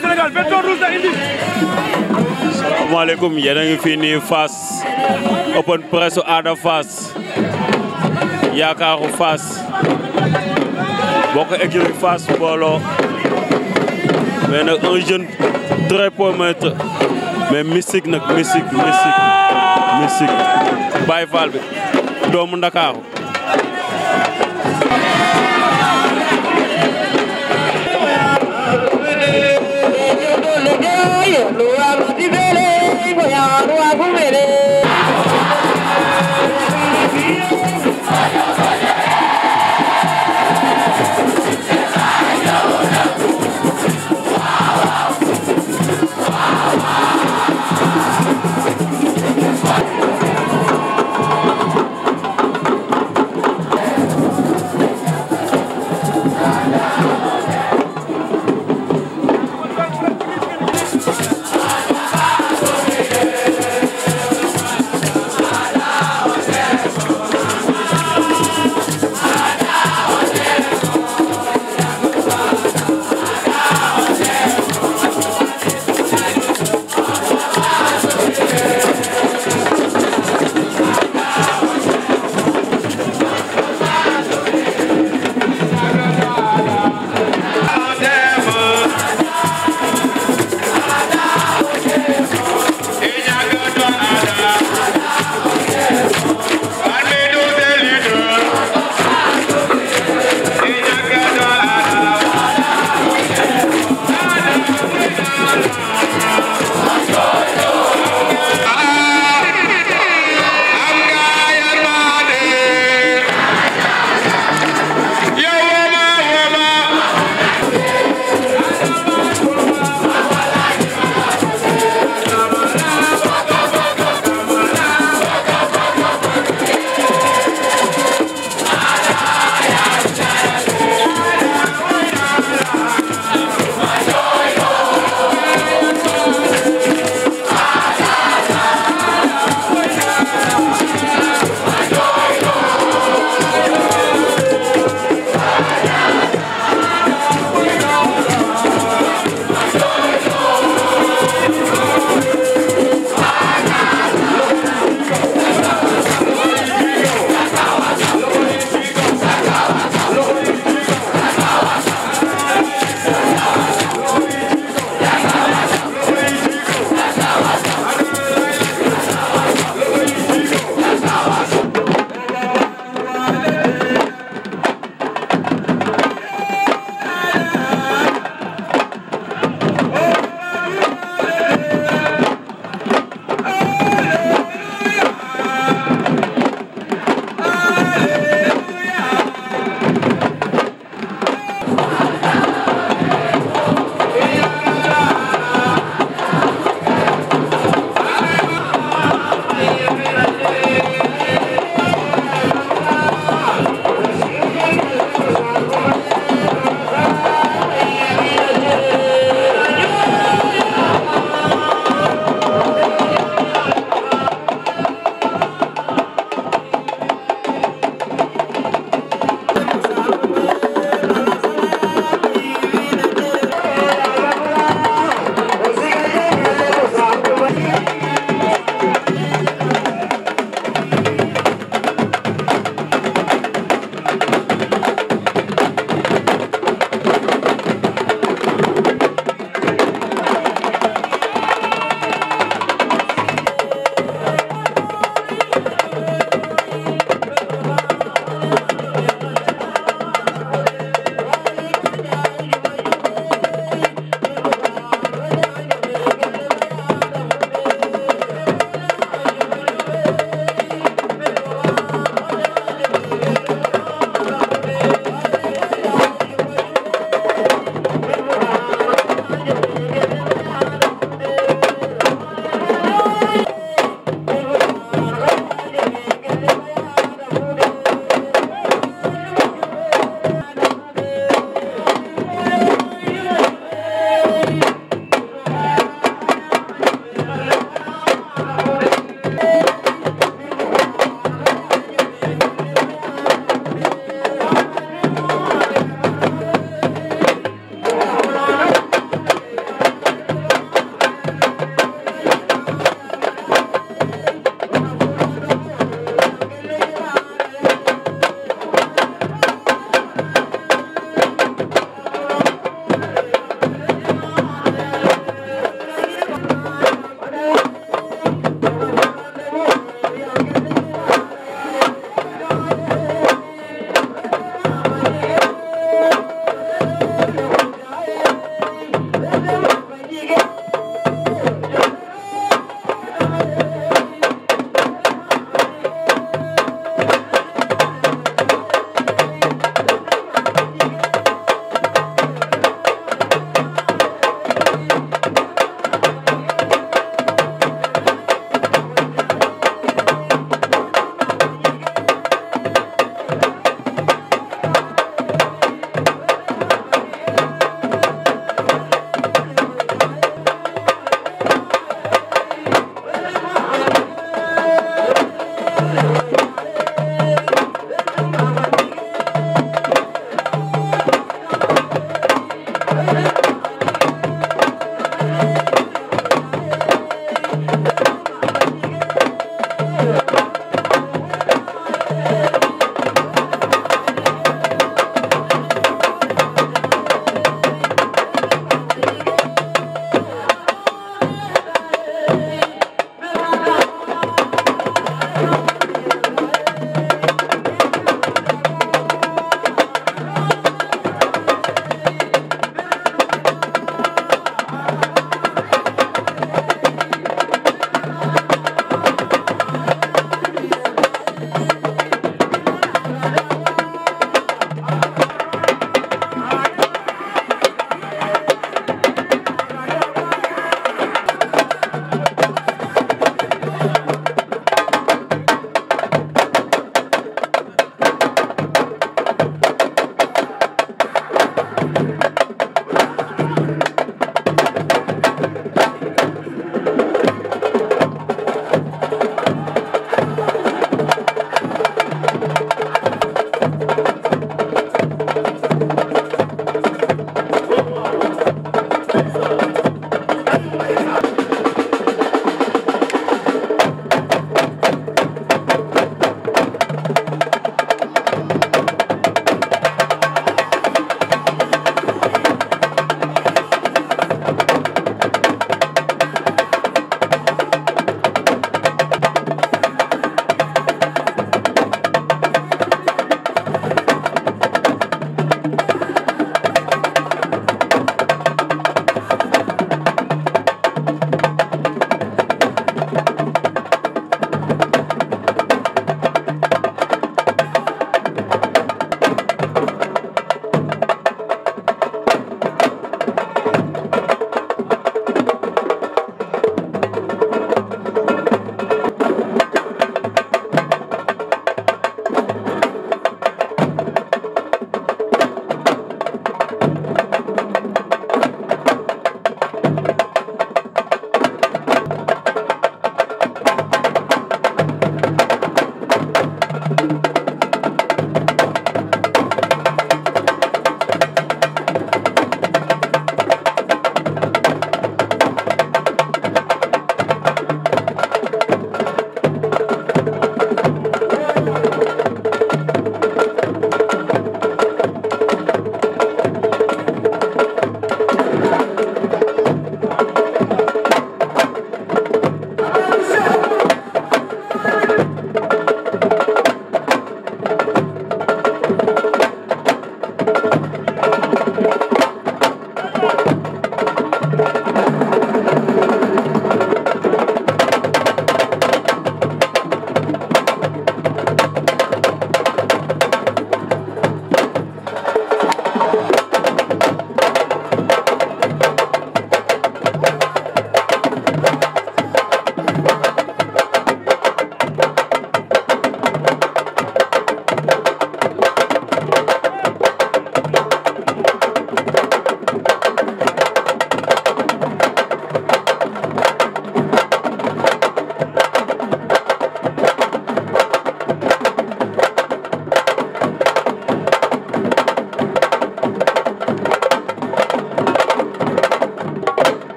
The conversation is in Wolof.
Sénégal, béton rouge indi asalaamaaleykum yéen a ngi fii nii Fass open press Ada Fass yaakaaru Fass bokk écurie Fass mbooloo mais nag un jeune très prometteur mais mystique nag mystique mystique mystique Baye Fall bi doomu Ndakaaru